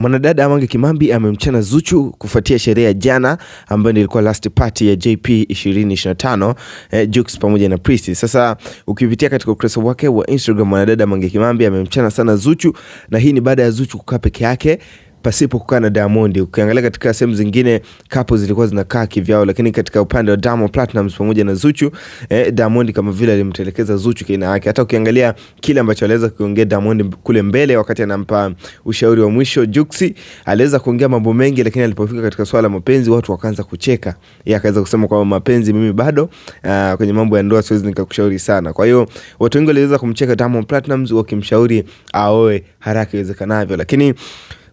Mwanadada Mange Kimambi amemchana Zuchu kufuatia sherehe ya jana ambayo ilikuwa last party ya JP 2025 eh, Jux pamoja na Priest. Sasa ukipitia katika ukurasa wake wa Instagram, mwanadada Mange Kimambi amemchana sana Zuchu na hii ni baada ya Zuchu kukaa peke yake pasipo kukaa na Diamond. Ukiangalia katika sehemu zingine kapo zilikuwa zinakaa kivyao, lakini katika upande wa Diamond Platnumz pamoja na Zuchu eh, Diamond kama vile alimtelekeza Zuchu kina yake. Hata ukiangalia kile ambacho aliweza kuongea Diamond kule mbele, wakati anampa ushauri wa mwisho Juksi, aliweza kuongea mambo mengi, lakini alipofika katika swala la mapenzi watu wakaanza kucheka. Yeye akaweza kusema kwamba mapenzi mimi bado aa, ah, kwenye mambo ya ndoa siwezi nikakushauri sana. Kwa hiyo watu wengi waliweza kumcheka Diamond Platnumz wakimshauri aoe haraka iwezekanavyo, lakini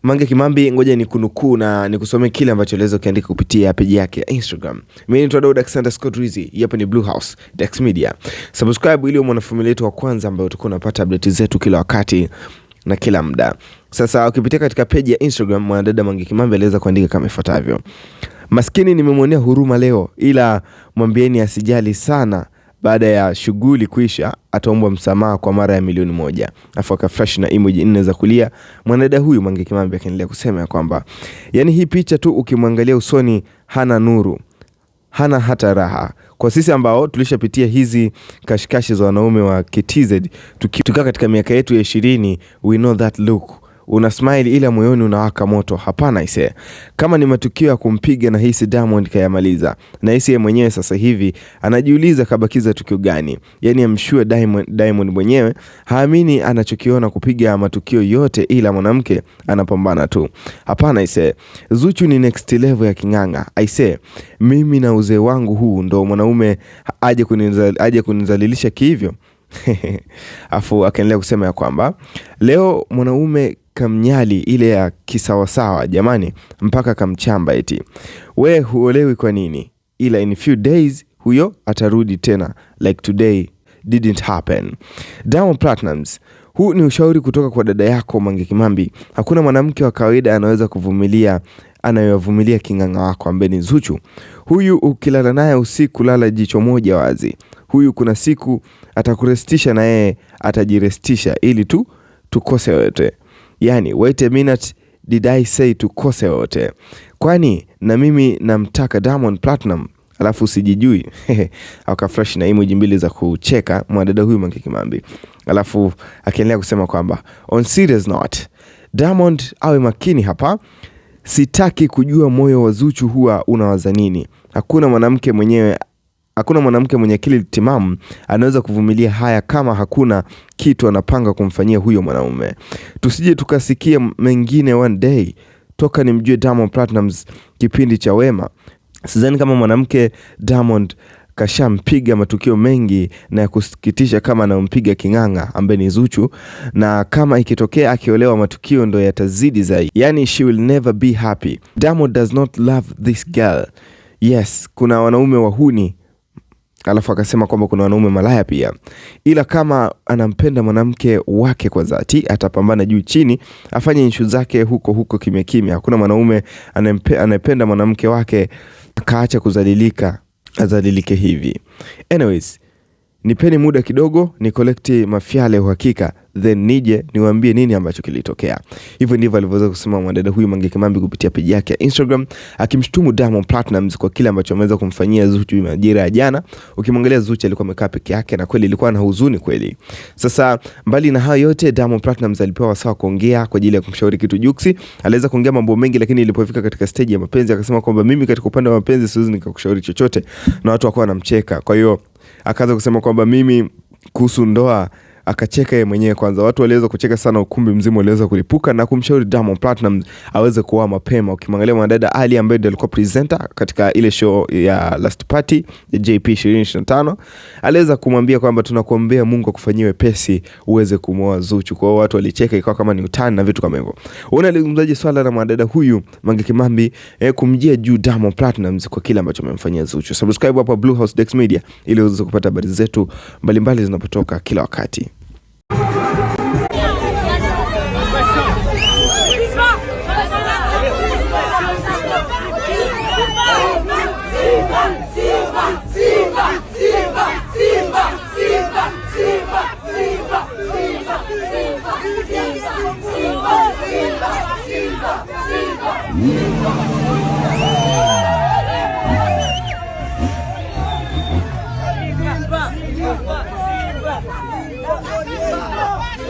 Mange Kimambi, ngoja ni kunukuu na nikusomee kile ambacho aliweza kiandika kupitia peji yake ya Instagram. Mimi naitwa Dax Scott Rizzi, hapa ni Blue House Dax Media. Subscribe ili mwanafamilia yetu wa kwanza ambayo utakuwa unapata update zetu kila wakati na kila muda. Sasa ukipitia katika peji ya Instagram, mwanadada Mange Kimambi aliweza kuandika kama ifuatavyo: maskini nimemwonea huruma leo, ila mwambieni asijali sana baada ya shughuli kuisha, ataombwa msamaha kwa mara ya milioni moja. Afu akafresh na emoji nne za kulia. Mwanadada huyu Mange Kimambi akaendelea kusema ya kwamba yani, hii picha tu ukimwangalia usoni hana nuru, hana hata raha. Kwa sisi ambao tulishapitia hizi kashikashi za wanaume wa KTZ tukiwa katika miaka yetu ya ishirini, we know that look una smile ila moyoni unawaka moto. Hapana ise, kama ni matukio ya kumpiga na hisi Diamond kayamaliza, na hisi yeye mwenyewe sasa hivi anajiuliza kabakiza tukio gani? Yani amshue Diamond, Diamond mwenyewe haamini anachokiona kupiga matukio yote, ila mwanamke anapambana tu. Hapana ise, Zuchu ni next level ya king'ang'a aise. Mimi na uzee wangu huu ndo mwanaume aje kunizal, aje kunizalilisha kihivyo? Afu akaendelea kusema ya kwamba leo mwanaume kamnyali ile ya kisawasawa jamani, mpaka kamchamba eti. We huolewi kwa nini? Ila in few days huyo atarudi tena, like today didn't happen. Diamond Platnumz, huu ni ushauri kutoka kwa dada yako Mange Kimambi. Hakuna mwanamke wa kawaida anaweza kuvumilia anayovumilia king'ang'a wako ambaye ni Zuchu. Huyu ukilala naye usiku, lala jicho moja wazi. Huyu kuna siku atakurestisha na yeye atajirestisha, ili tu tukose wote yani wait a minute did I say tukose wote, kwani na mimi namtaka Diamond Platinum alafu sijijui akafresh na emoji mbili za kucheka mwadada huyu Mange Kimambi, alafu akiendelea kusema kwamba on serious note, Diamond awe makini hapa, sitaki kujua moyo wa Zuchu huwa unawaza nini. Hakuna mwanamke mwenyewe Hakuna mwanamke mwenye akili timamu anaweza kuvumilia haya kama hakuna kitu anapanga kumfanyia huyo mwanaume. Tusije tukasikia mengine one day toka nimjue Diamond Platnumz kipindi cha Wema. Sidhani kama mwanamke Diamond kashampiga matukio mengi na ya kusikitisha kama anampiga King'ang'a ambaye ni Zuchu, na kama ikitokea akiolewa matukio ndo yatazidi zaidi. Yani, she will never be happy. Diamond does not love this girl. Yes, kuna wanaume wahuni alafu akasema kwamba kuna wanaume malaya pia, ila kama anampenda mwanamke wake kwa dhati atapambana juu chini, afanye issue zake huko huko kimya kimya. Hakuna mwanaume anayependa mwanamke wake akaacha kuzalilika azalilike hivi. Anyways, nipeni muda kidogo ni kolekti mafyale uhakika then nije niwaambie nini ambacho kilitokea. Hivyo ndivyo alivyoweza kusema mwanadada huyu Mange Kimambi kupitia peji yake ya Instagram akimshutumu Diamond Platnumz kwa kile ambacho ameweza kumfanyia Zuchu majira ya jana. Ukimwangalia Zuchu alikuwa amekaa peke yake na kweli ilikuwa na huzuni kweli. Sasa mbali na hayo yote, Diamond Platnumz alipewa wasaa kuongea kwa ajili ya kumshauri kitu Juksi. Aliweza kuongea mambo mengi, lakini ilipofika katika stage ya mapenzi akasema kwamba mimi katika upande wa mapenzi siwezi nikakushauri chochote, na watu wakawa wanamcheka. Kwa hiyo akaanza kusema kwamba mimi kuhusu ndoa akacheka yeye mwenyewe kwanza. Watu waliweza kucheka sana, ukumbi mzima uliweza kulipuka na kumshauri Diamond Platnumz aweze kuoa mapema. Ukimwangalia mwanadada Ali ambaye ndiye alikuwa presenter katika ile show ya Last Party ya JP 2025 aliweza kumwambia kwamba tunakuombea Mungu akufanyie wepesi uweze kumoa Zuchu. Kwa watu walicheka, ikawa kama ni utani na vitu kama hivyo. Unalizungumzaje swala la mwanadada huyu Mange Kimambi eh, kumjia juu Diamond Platnumz kwa kile ambacho amemfanyia Zuchu? Subscribe hapa Blue House Dex Media ili uweze kupata habari zetu mbalimbali zinapotoka kila wakati. 十八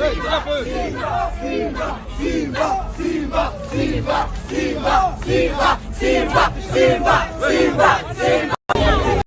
Сімба, сімба, сімба, сімба, сімба, сімба, сімба, сімба.